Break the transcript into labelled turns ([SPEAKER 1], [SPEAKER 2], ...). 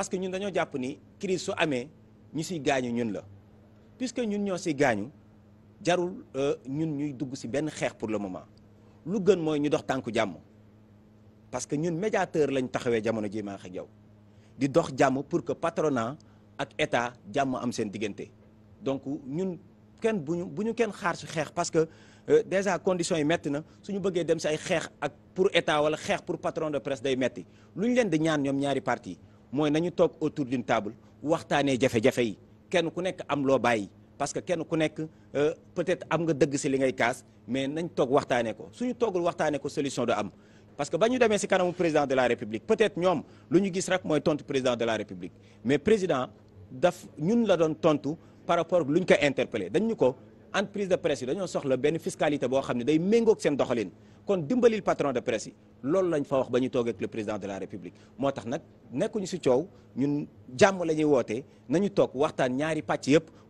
[SPEAKER 1] parce que ñun dañoo jàpp ni crise su amee ñu siy gaañu ñun la puisque ñun ñoo si gaañu jarul euh, ñun ñuy dugg si benn xeex pour le moment lu gën mooy ñu dox tànku jàmm parce que ñun médiateur lañ taxawee jamono ji maa ak di dox jàmm pour que patronat ak état jàmm am seen diggante donc ñun kenn bu ñu bu ñu kenn xaar si xeex parce que euh, déjà conditions yi metti na su ñu bëggee dem si ay xeex ak pour état wala xeex pour patron de presse day metti lu ñu leen di ñaan ñoom ñaari parti mooy nañu toog autour d'une table waxtaanee jafe-jafe yi kenn ku nekk am loo bàyyi parce que kenn ku nekk euh, peut-être am nga dëgg si li ngay kaas mais nañ toog waxtaanee ko suñu toogul waxtaanee ko solution du am. parce que ba ñu demee si kanamu président de la république peut-être ñoom lu ñu gis rek mooy tontu président de la république mais président daf ñun la doon tontu par rapport lu ñu ko interpellé dañ ñu ko. entreprise de presse yi dañoo soxla benn fiscalité boo xam ne day méngoog seen doxalin kon dimbalil patron de presse yi loolu lañ fa wax ba ñu toog ak le président de la république moo tax nag nekkuñu si coow ñun jàmm la ñuy wootee nañu toog waxtaan ñaari pàcc yëpp